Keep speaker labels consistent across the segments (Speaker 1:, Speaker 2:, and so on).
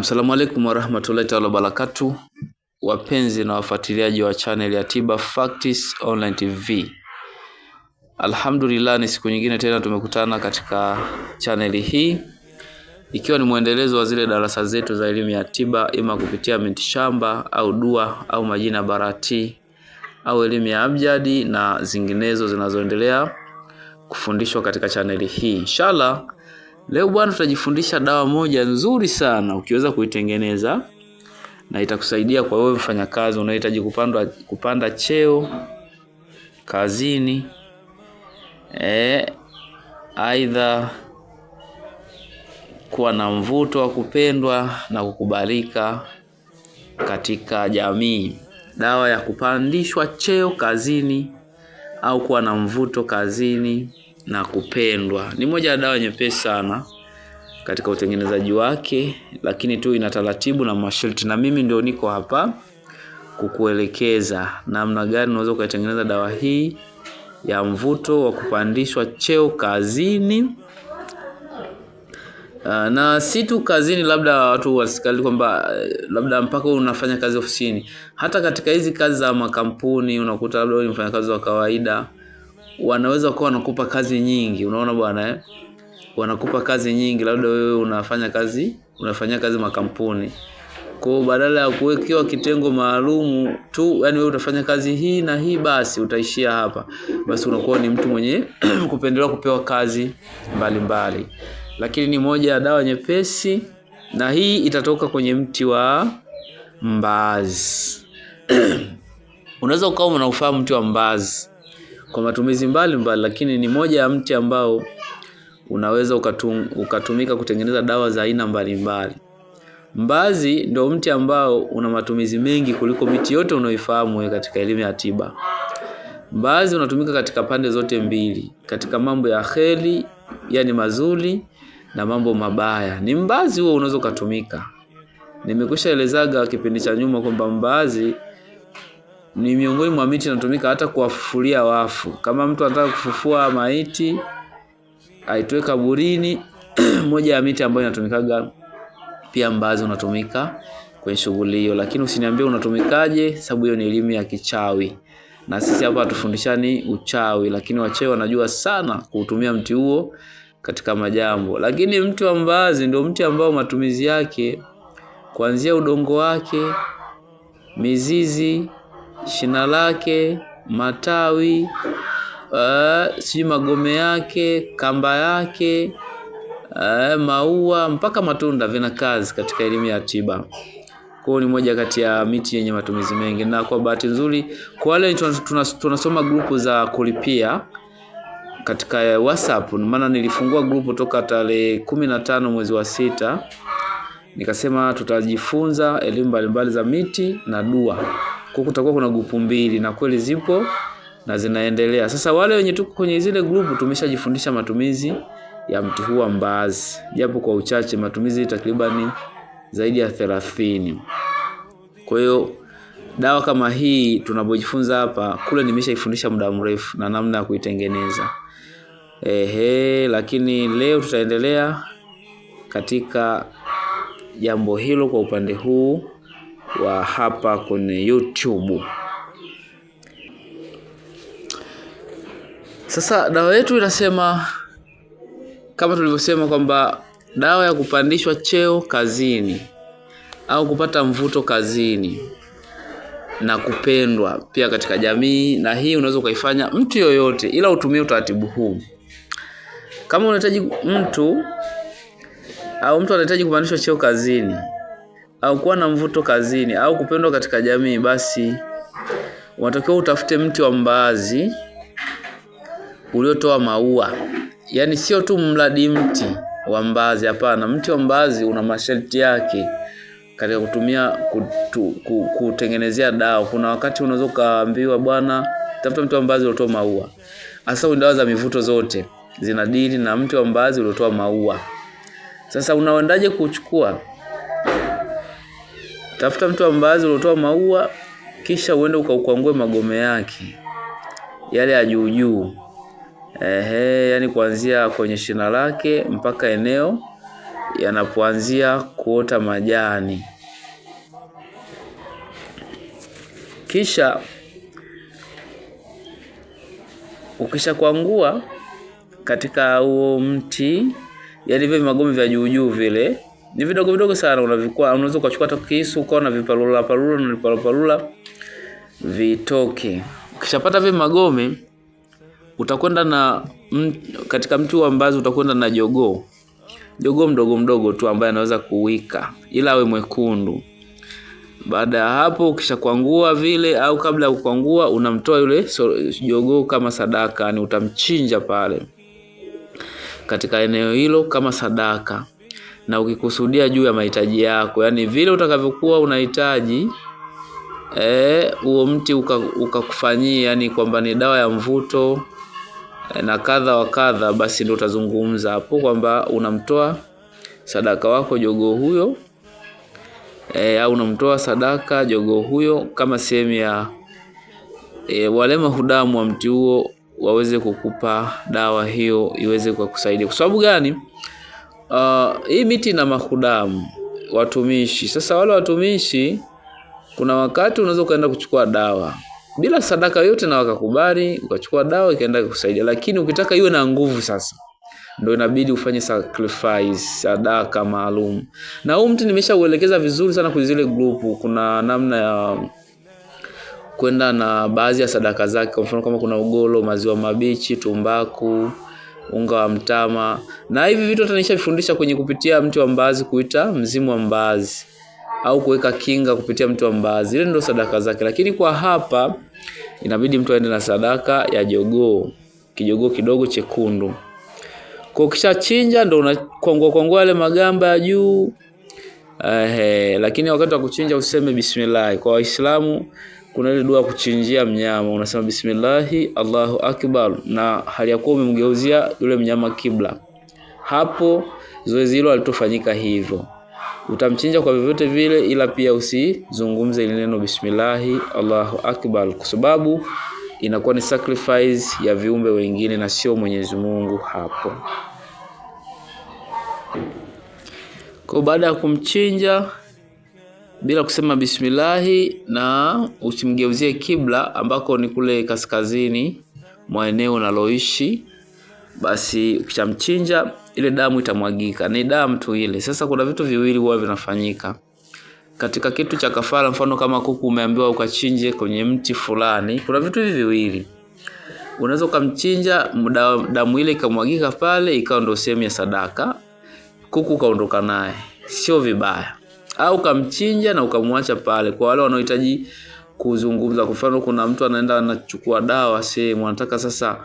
Speaker 1: asalamu alaykum wa warahmatullahi taala wabarakatu, wapenzi na wafuatiliaji wa channel ya Tiba Facts Online TV. Alhamdulillah, ni siku nyingine tena tumekutana katika channel hii ikiwa ni mwendelezo wa zile darasa zetu za elimu ya tiba, ima kupitia mitishamba au dua au majina barati au elimu ya abjadi na zinginezo zinazoendelea kufundishwa katika chaneli hii. Inshallah Leo bwana, tutajifundisha dawa moja nzuri sana ukiweza kuitengeneza na itakusaidia kwa wewe mfanyakazi unahitaji kupanda kupanda cheo kazini, eh, aidha kuwa na mvuto wa kupendwa na kukubalika katika jamii. Dawa ya kupandishwa cheo kazini au kuwa na mvuto kazini na kupendwa. Ni moja ya dawa nyepesi sana katika utengenezaji wake, lakini tu ina taratibu na masharti, na mimi ndio niko hapa kukuelekeza namna gani unaweza ukaitengeneza dawa hii ya mvuto wa kupandishwa cheo kazini. Ah, na si tu kazini, labda watu wasikali kwamba eh, labda mpaka unafanya kazi ofisini. Hata katika hizi kazi za makampuni unakuta labda wewe ni mfanyakazi wa kawaida wanaweza kuwa wanakupa kazi nyingi, unaona bwana eh? Wanakupa kazi nyingi, labda wewe unafanya kazi unafanyia kazi makampuni kwa badala ya kuwekewa kitengo maalum tu, yani wewe utafanya kazi hii na hii, basi utaishia hapa, basi unakuwa ni mtu mwenye kupendelewa kupewa kazi mbalimbali mbali. Lakini ni moja ya dawa nyepesi, na hii itatoka kwenye mti wa mbaazi. Unaweza ukawa unaufahamu mti wa mbaazi kwa matumizi mbalimbali mbali, lakini ni moja ya mti ambao unaweza ukatum, ukatumika kutengeneza dawa za aina mbalimbali. Mbazi ndio mti ambao una matumizi mengi kuliko miti yote unaoifahamu wewe katika elimu ya tiba. Mbazi unatumika katika pande zote mbili, katika mambo ya kheri, yani mazuri na mambo mabaya. Ni mbazi huo unaweza ukatumika. Nimekushaelezaga kipindi cha nyuma kwamba mbazi ni miongoni mwa miti inatumika hata kuwafufulia wafu. Kama mtu anataka kufufua maiti aitoe kaburini, moja ya miti ambayo inatumikaga pia mbazi unatumika kwenye shughuli hiyo, lakini usiniambie unatumikaje, sababu hiyo ni elimu ya kichawi na sisi hapa hatufundishani uchawi, lakini wachawi wanajua sana kuutumia mti huo katika majambo. Lakini mti wa mbazi ndio mti ambao matumizi yake kuanzia udongo wake, mizizi shina lake, matawi uh, sijui magome yake, kamba yake uh, maua mpaka matunda vina kazi katika elimu ya tiba. Kwa ni moja kati ya miti yenye matumizi mengi, na kwa bahati nzuri kwa wale tunasoma grupu za kulipia katika WhatsApp, maana nilifungua grupu toka tarehe kumi na tano mwezi wa sita, nikasema tutajifunza elimu mbalimbali za miti na dua kutakuwa kuna grupu mbili na kweli zipo na zinaendelea. Sasa wale wenye tuko kwenye zile grupu tumeshajifundisha matumizi ya mti huu wa mbaazi, japo kwa uchache, matumizi takribani zaidi ya thelathini. Kwa hiyo dawa kama hii tunapojifunza hapa, kule nimeshaifundisha muda mrefu na namna ya kuitengeneza. Ehe, lakini leo tutaendelea katika jambo hilo kwa upande huu wa hapa kwenye YouTube. Sasa dawa yetu inasema kama tulivyosema kwamba dawa ya kupandishwa cheo kazini au kupata mvuto kazini na kupendwa pia katika jamii, na hii unaweza ukaifanya mtu yoyote, ila utumie utaratibu huu. Kama unahitaji mtu au mtu anahitaji kupandishwa cheo kazini au kuwa na mvuto kazini au kupendwa katika jamii basi unatakiwa utafute mti wa mbaazi uliotoa maua. Yaani sio tu mradi mti wa mbaazi hapana, mti wa mbaazi una masharti yake katika kutumia kutu, kutengenezea dawa. Kuna wakati unaweza ukaambiwa bwana, tafuta mti wa mbaazi uliotoa maua. Hasa dawa za mivuto zote zinadili na mti wa mbaazi uliotoa maua. Sasa unaendaje kuchukua? Tafuta mtu ambaye mbaazi uliotoa maua kisha uende ukaukwangue magome yake yale ya juu juu. Ehe, yani kuanzia kwenye shina lake mpaka eneo yanapoanzia kuota majani. Kisha ukishakwangua katika huo mti, yani vile magome vya juu juu vile ni vidogo vidogo sana, unavikwa unaweza ukachukua hata kisu ukawa na viparula parula na viparula vitoke. Ukishapata vile magome, utakwenda na m, katika mti wa mbazi utakwenda na jogoo, jogoo mdogo mdogo tu ambaye anaweza kuwika, ila awe mwekundu. Baada ya hapo, ukishakwangua vile au kabla ya kukwangua, unamtoa yule so, jogoo kama sadaka, ni yaani utamchinja pale katika eneo hilo kama sadaka na ukikusudia juu ya mahitaji yako, yaani vile utakavyokuwa unahitaji eh, huo e, mti ukakufanyia uka yani kwamba ni dawa ya mvuto e, na kadha wa kadha, basi ndio utazungumza hapo kwamba unamtoa sadaka wako jogoo huyo e, au unamtoa sadaka jogoo huyo kama sehemu ya e, wale mahudamu wa mti huo waweze kukupa dawa hiyo iweze kukusaidia. Kwa sababu gani? uh, hii miti ina mahudamu watumishi. Sasa wale watumishi, kuna wakati unaweza ukaenda kuchukua dawa bila sadaka yote na wakakubali, ukachukua dawa ikaenda kukusaidia, lakini ukitaka iwe na nguvu sasa ndio inabidi ufanye sacrifice sadaka maalum. Na huu mti nimeshauelekeza vizuri sana kwenye zile grupu, kuna namna ya kwenda na baadhi ya sadaka zake. Kwa mfano kama kuna ugolo maziwa mabichi, tumbaku unga wa mtama, na hivi vitu hata nishafundisha kwenye kupitia mti wa mbaazi, kuita mzimu wa mbaazi au kuweka kinga kupitia mti wa mbaazi. Ile ndio sadaka zake, lakini kwa hapa inabidi mtu aende na sadaka ya jogoo, kijogoo kidogo chekundu. Kwa ukishachinja ndio unakwangua kwangua yale magamba ya juu. Ehe, lakini wakati wa kuchinja useme bismillah. Kwa Waislamu kuna ile dua kuchinjia mnyama, unasema bismillahi Allahu akbar, na hali ya kuwa umemgeuzia yule mnyama kibla. Hapo zoezi hilo alitofanyika hivyo, utamchinja kwa vyovyote vile, ila pia usizungumze ile neno bismillahi Allahu akbar, kwa sababu inakuwa ni sacrifice ya viumbe wengine na sio Mwenyezi Mungu hapo. Kwa baada ya kumchinja bila kusema bismillahi na usimgeuzie kibla ambako ni kule kaskazini mwa eneo unaloishi, basi ukichamchinja ile damu itamwagika, ni damu tu ile. Sasa kuna vitu viwili huwa vinafanyika katika kitu cha kafara. Mfano kama kuku umeambiwa ukachinje kwenye mti fulani, kuna vitu hivi viwili unaweza ukamchinja, damu ile ikamwagika pale, ikawa ndio sehemu ya sadaka, kuku kaondoka naye, sio vibaya au ukamchinja na ukamwacha pale. Kwa wale wanaohitaji kuzungumza, kwa mfano, kuna mtu anaenda anachukua dawa sehemu, anataka sasa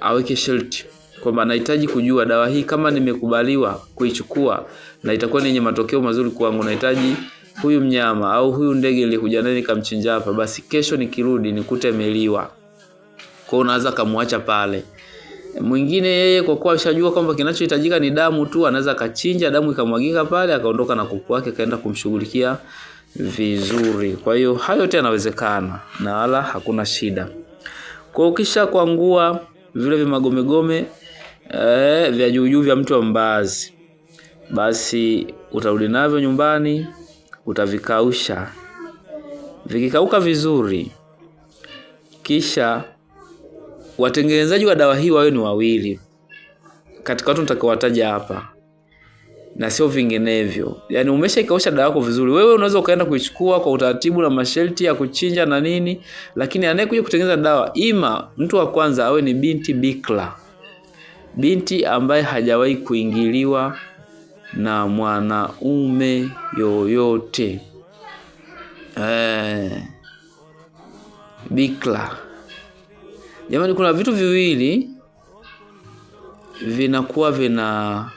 Speaker 1: aweke sharti kwamba nahitaji kujua dawa hii kama nimekubaliwa kuichukua na itakuwa ni yenye matokeo mazuri kwangu, nahitaji huyu mnyama au huyu ndege nilikuja naye nikamchinja hapa, basi kesho nikirudi nikute ameliwa. Kwa hiyo unaweza kumwacha pale. Mwingine yeye kwa kuwa ashajua kwamba kinachohitajika ni damu tu, anaweza akachinja, damu ikamwagika pale, akaondoka na kuku wake, akaenda kumshughulikia vizuri. Kwa hiyo hayo yote yanawezekana na wala hakuna shida. Kwa ukisha kwangua vile magomegome eh, vya juu juu vya mtu wa mbaazi, basi utarudi navyo nyumbani, utavikausha. Vikikauka vizuri, kisha Watengenezaji wa dawa hii wawe ni wawili katika watu nitakaowataja hapa na sio vinginevyo. Yaani umeshaikausha dawa yako vizuri, wewe unaweza ukaenda kuichukua kwa utaratibu na masharti ya kuchinja na nini, lakini anayekuja kutengeneza dawa, ima mtu wa kwanza awe ni binti bikla binti ambaye hajawahi kuingiliwa na mwanaume yoyote, eh, bikla Jamani, kuna vitu viwili vinakuwa vina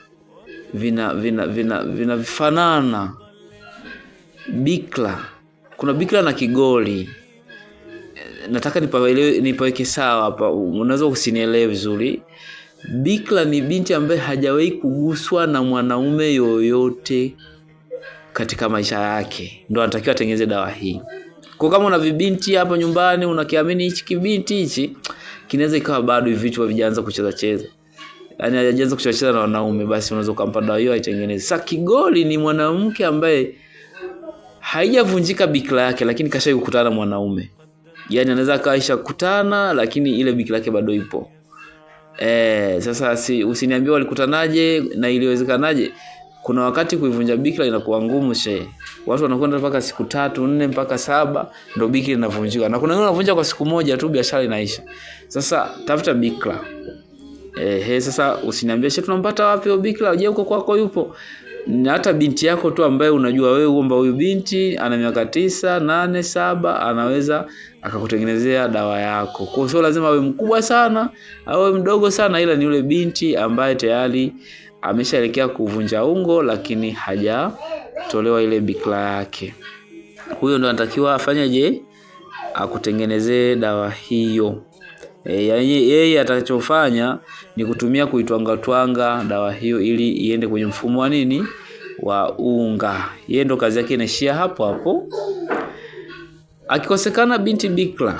Speaker 1: vina vina vina vinafanana bikla, Kuna bikla na kigoli. Nataka nipaelewe, nipaweke sawa hapa, unaweza usinielewe vizuri. bikla ni binti ambaye hajawahi kuguswa na mwanaume yoyote katika maisha yake, ndo anatakiwa atengeneze dawa hii. Kwa kama una vibinti hapa nyumbani unakiamini hichi kibinti hichi kinaweza ikawa bado hivi vichwa vijaanza kucheza cheza. Yaani hajaanza kucheza cheza na wanaume basi unaweza kumpa dawa hiyo aitengeneze. Sasa Kigoli ni mwanamke ambaye haijavunjika bikira yake lakini kashai kukutana na mwanaume. Yaani anaweza kaisha kukutana lakini ile bikira yake bado ipo. Eh, sasa si, usiniambie walikutanaje na iliwezekanaje. Kuna wakati kuivunja bikira inakuwa ngumu shee watu wanakwenda mpaka siku tatu nne mpaka saba ndo biki linavunjika, na kuna wengine wanavunja kwa siku moja tu, biashara inaisha. Sasa tafuta bikla Ehe, sasa usiniambie shekhe, tunampata wapi huyo bikla Je, uko kwako yupo? Na hata binti yako tu ambaye unajua wewe uomba huyu binti ana miaka tisa, nane, saba anaweza akakutengenezea dawa yako. Kwa hiyo sio lazima awe mkubwa sana, awe mdogo sana, ila ni yule binti ambaye tayari ameshaelekea kuvunja ungo, lakini hajatolewa ile bikla yake. Huyo ndo anatakiwa afanyeje? Akutengenezee dawa hiyo. E, yaani yeye atakachofanya ni kutumia kuitwangatwanga dawa hiyo ili iende kwenye mfumo wa nini, wa unga. Yeye ndo kazi yake inaishia hapo hapo. Akikosekana binti bikla,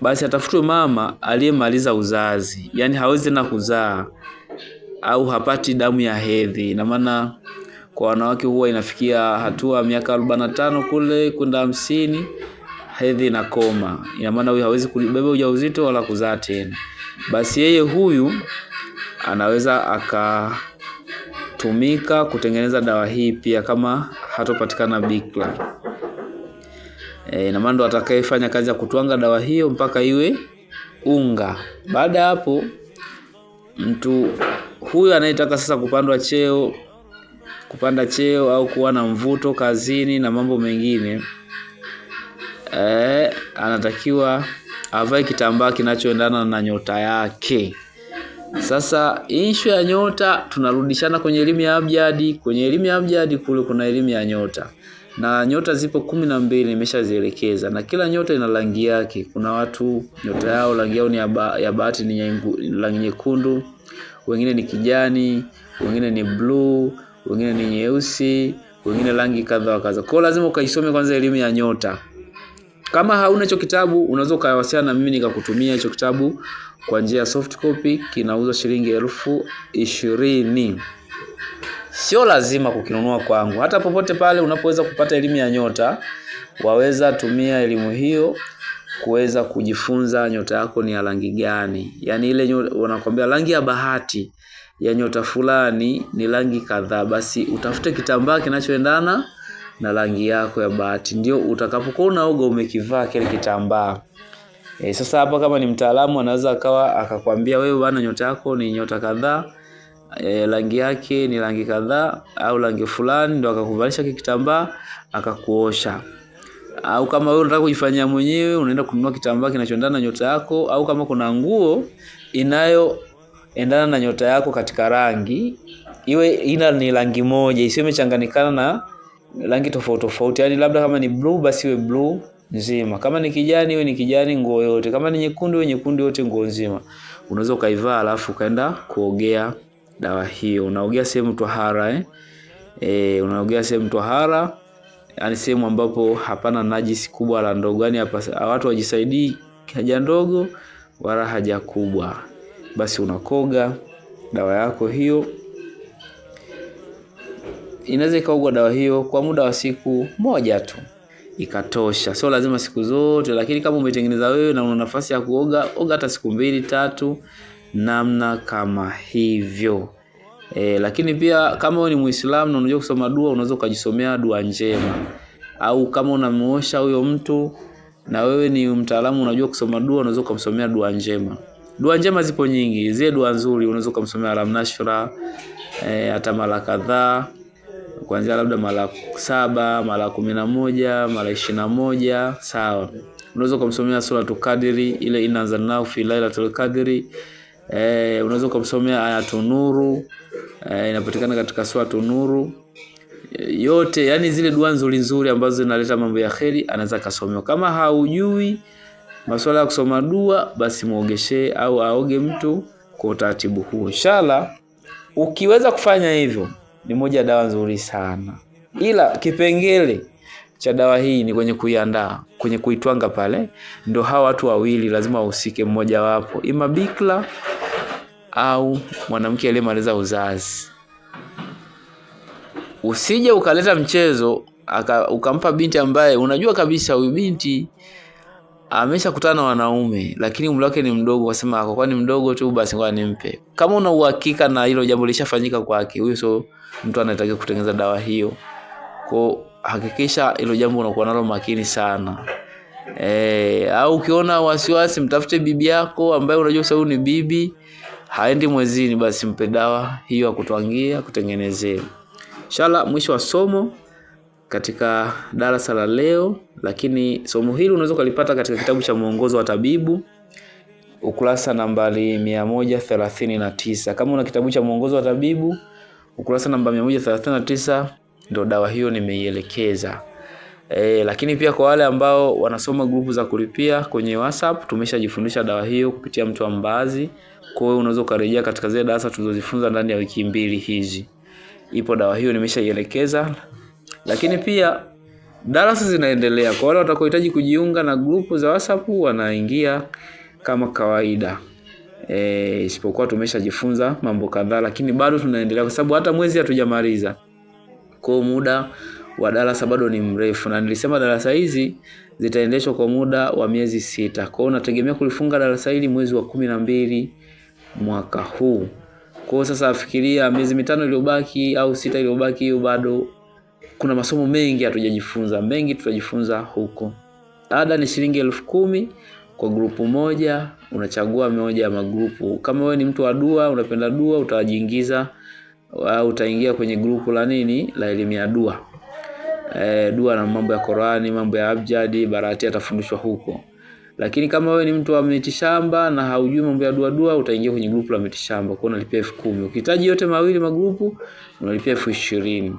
Speaker 1: basi atafutwe mama aliyemaliza uzazi, yaani hawezi tena kuzaa au hapati damu ya hedhi. Ina maana kwa wanawake huwa inafikia hatua miaka arobaini na tano kule kwenda hamsini hedhi inakoma. Ina maana huyu hawezi kubeba ujauzito wala kuzaa tena, basi yeye huyu anaweza akatumika kutengeneza dawa hii pia kama hatopatikana bikla E, ina maana ndo atakayefanya kazi ya kutwanga dawa hiyo mpaka iwe unga. Baada ya hapo mtu huyu anayetaka sasa kupandwa cheo, kupanda cheo au kuwa na mvuto kazini na mambo mengine eh, anatakiwa avae kitambaa kinachoendana na nyota yake. Sasa ishu ya nyota tunarudishana kwenye elimu ya abjadi. Kwenye elimu ya abjadi kule kuna elimu ya nyota, na nyota zipo kumi na mbili, nimeshazielekeza na kila nyota ina rangi yake. Kuna watu nyota yao rangi yao ni ya bahati ni rangi nyekundu, wengine ni kijani, wengine ni bluu, wengine ni nyeusi, wengine rangi kadha wa kadha. Kwa hiyo lazima ukaisome kwanza elimu ya nyota. Kama hauna hicho kitabu unaweza ukawasiliana na mimi nikakutumia hicho kitabu kwa njia ya soft copy, kinauzwa shilingi elfu ishirini. Sio lazima kukinunua kwangu. Hata popote pale unapoweza kupata elimu ya nyota, waweza tumia elimu hiyo kuweza kujifunza nyota yako ni ya rangi gani. Yaani ile wanakwambia rangi ya bahati ya nyota fulani ni rangi kadhaa, basi utafute kitambaa kinachoendana na rangi yako ya bahati, ndio utakapokuwa unaoga umekivaa kile kitambaa. E, sasa hapa kama ni mtaalamu anaweza akawa akakwambia wewe bwana, nyota yako ni nyota kadhaa e, rangi e, yake ni rangi kadhaa au rangi fulani, ndo akakuvalisha kitambaa akakuosha. Au kama wewe unataka kujifanyia mwenyewe, unaenda kununua kitambaa kinachoendana na nyota yako, au kama kuna nguo inayoendana na nyota yako katika rangi, iwe ina ni rangi moja, isiwe imechanganyikana na rangi tofauti tofauti. Yani labda kama ni blue, basi iwe blue nzima. Kama ni kijani, iwe ni kijani nguo yote. Kama ni nyekundu, iwe nyekundu yote nguo nzima. Unaweza ukaivaa alafu ukaenda kuogea dawa hiyo. Unaogea sehemu tahara eh? E, unaogea sehemu hara yani sehemu ambapo hapana najisi kubwa la ndogo, yani watu wajisaidii haja ndogo wala haja kubwa. Basi unakoga dawa yako hiyo, inaweza ikaugwa dawa hiyo kwa muda wa siku moja tu ikatosha, sio lazima siku zote, lakini kama umetengeneza wewe na una nafasi ya kuoga, oga hata siku mbili tatu, namna kama hivyo. E, lakini pia kama wewe ni Muislamu na unajua kusoma dua unaweza ukajisomea dua njema, au kama unamuosha huyo mtu na wewe ni mtaalamu unajua kusoma dua unaweza ukamsomea dua njema. Dua njema zipo nyingi, zile dua nzuri unaweza ukamsomea Alamnashra e, eh, hata mara kadhaa kuanzia labda mara saba mara kumi na moja mara ishirini na moja sawa. Unaweza ukamsomea Suratul Qadri ile inazanau fi lailatul qadri eh, unaweza ukamsomea ayatu nuru eh, inapatikana katika suratu nuru yote yani zile dua nzuri nzuri ambazo zinaleta mambo ya kheri anaweza akasomewa. Kama haujui masuala ya kusoma dua, basi muogeshe au aoge mtu kwa utaratibu huo. Inshallah, ukiweza kufanya hivyo, ni moja dawa nzuri sana, ila kipengele cha dawa hii ni kwenye kuiandaa, kwenye kuitwanga pale, ndo hawa watu wawili lazima wahusike, mmojawapo ima bikla au mwanamke aliyemaliza uzazi. Usije ukaleta mchezo aka, ukampa binti ambaye unajua kabisa huyu binti ameshakutana na wanaume lakini umri wake ni mdogo, wasema ako kwani mdogo tu, basi ngoja nimpe. Kama una uhakika na hilo jambo lishafanyika kwake, huyo sio mtu anayetakiwa kutengeneza dawa hiyo kwa hakikisha hilo jambo unakuwa nalo makini sana. E, au ukiona wasiwasi, mtafute bibi yako ambaye unajua sababu ni bibi haendi mwezini, basi mpe dawa hiyo akutwangia kutengenezee. Inshallah, mwisho wa somo katika darasa la leo, lakini somo hili unaweza ukalipata katika kitabu cha Mwongozo wa Tabibu ukurasa nambari mia moja thelathini na tisa. Kama una kitabu cha Mwongozo wa Tabibu ukurasa namba mia moja thelathini na tisa ndo dawa hiyo nimeielekeza. E, lakini pia kwa wale ambao wanasoma grupu za kulipia kwenye WhatsApp tumeshajifundisha dawa hiyo kupitia mtu wa Mbaazi. Kwa hiyo unaweza ukarejea katika zile darasa tulizozifunza ndani ya wiki mbili hizi, ipo dawa hiyo nimeshaielekeza. Lakini pia darasa zinaendelea, kwa wale watakaohitaji kujiunga na grupu za WhatsApp wanaingia kama kawaida e, isipokuwa tumeshajifunza mambo kadhaa, lakini bado tunaendelea kwa sababu hata mwezi hatujamaliza kwa muda wa darasa bado ni mrefu, na nilisema darasa hizi zitaendeshwa kwa muda wa miezi sita. Kwa hiyo nategemea kulifunga darasa hili mwezi wa kumi na mbili mwaka huu. Kwa hiyo sasa fikiria miezi mitano iliyobaki au sita iliyobaki, hiyo bado kuna masomo mengi hatujajifunza, mengi tutajifunza huko. Ada ni shilingi elfu kumi kwa grupu moja, unachagua moja ya magrupu. Kama wewe ni mtu wa dua, unapenda dua, utajiingiza au utaingia kwenye grupu la nini la elimu ya dua e, dua na mambo ya Qur'ani, mambo ya abjadi, barati atafundishwa huko. Lakini kama wewe ni mtu wa mitishamba na haujui mambo ya dua dua, utaingia kwenye grupu la mitishamba, kwa unalipia elfu kumi. Ukihitaji yote mawili magrupu unalipia elfu ishirini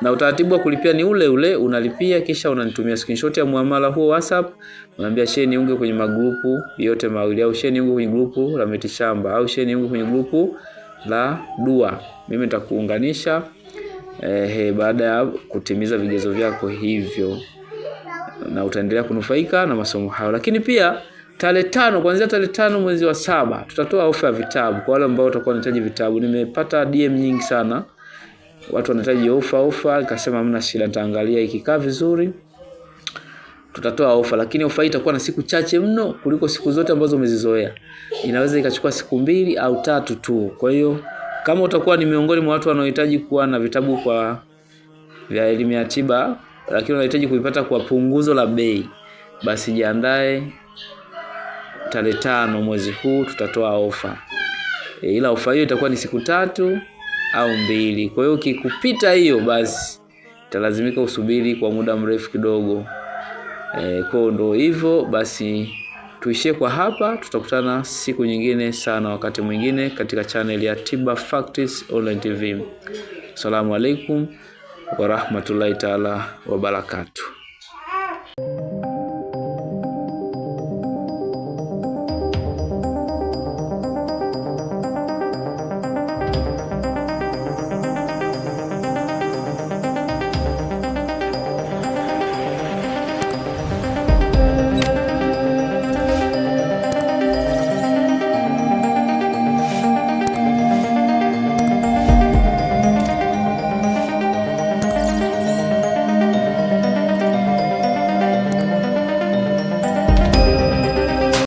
Speaker 1: na utaratibu wa kulipia ni ule ule, unalipia kisha unanitumia screenshot ya muamala huo WhatsApp, unaambia shehe niunge kwenye magrupu yote mawili, au shehe niunge kwenye grupu la mitishamba, au shehe niunge kwenye grupu la dua. Mimi nitakuunganisha eh, baada ya kutimiza vigezo vyako hivyo, na utaendelea kunufaika na masomo hayo. Lakini pia tarehe tano, kuanzia tarehe tano mwezi wa saba tutatoa ofa ya vitabu kwa wale ambao watakuwa wanahitaji vitabu. Nimepata DM nyingi sana, watu wanahitaji ofa ofa, nikasema mna shida, nitaangalia ikikaa vizuri tutatoa ofa, lakini ofa hii itakuwa na siku chache mno kuliko siku zote ambazo umezizoea. Inaweza ikachukua siku mbili au tatu tu. Kwa hiyo kama utakuwa ni miongoni mwa watu wanaohitaji kuwa na vitabu kwa vya elimu ya tiba, lakini unahitaji kuipata kwa punguzo la bei, basi jiandae, tarehe tano mwezi huu tutatoa ofa e, ila ofa hiyo itakuwa ni siku tatu au mbili. Kwa hiyo ukikupita hiyo, basi italazimika usubiri kwa muda mrefu kidogo. E, kwa ndo hivyo basi, tuishie kwa hapa. Tutakutana siku nyingine sana, wakati mwingine katika channel ya Tiba Facts Online TV. Asalamu alaikum warahmatullahi taala wabarakatuh.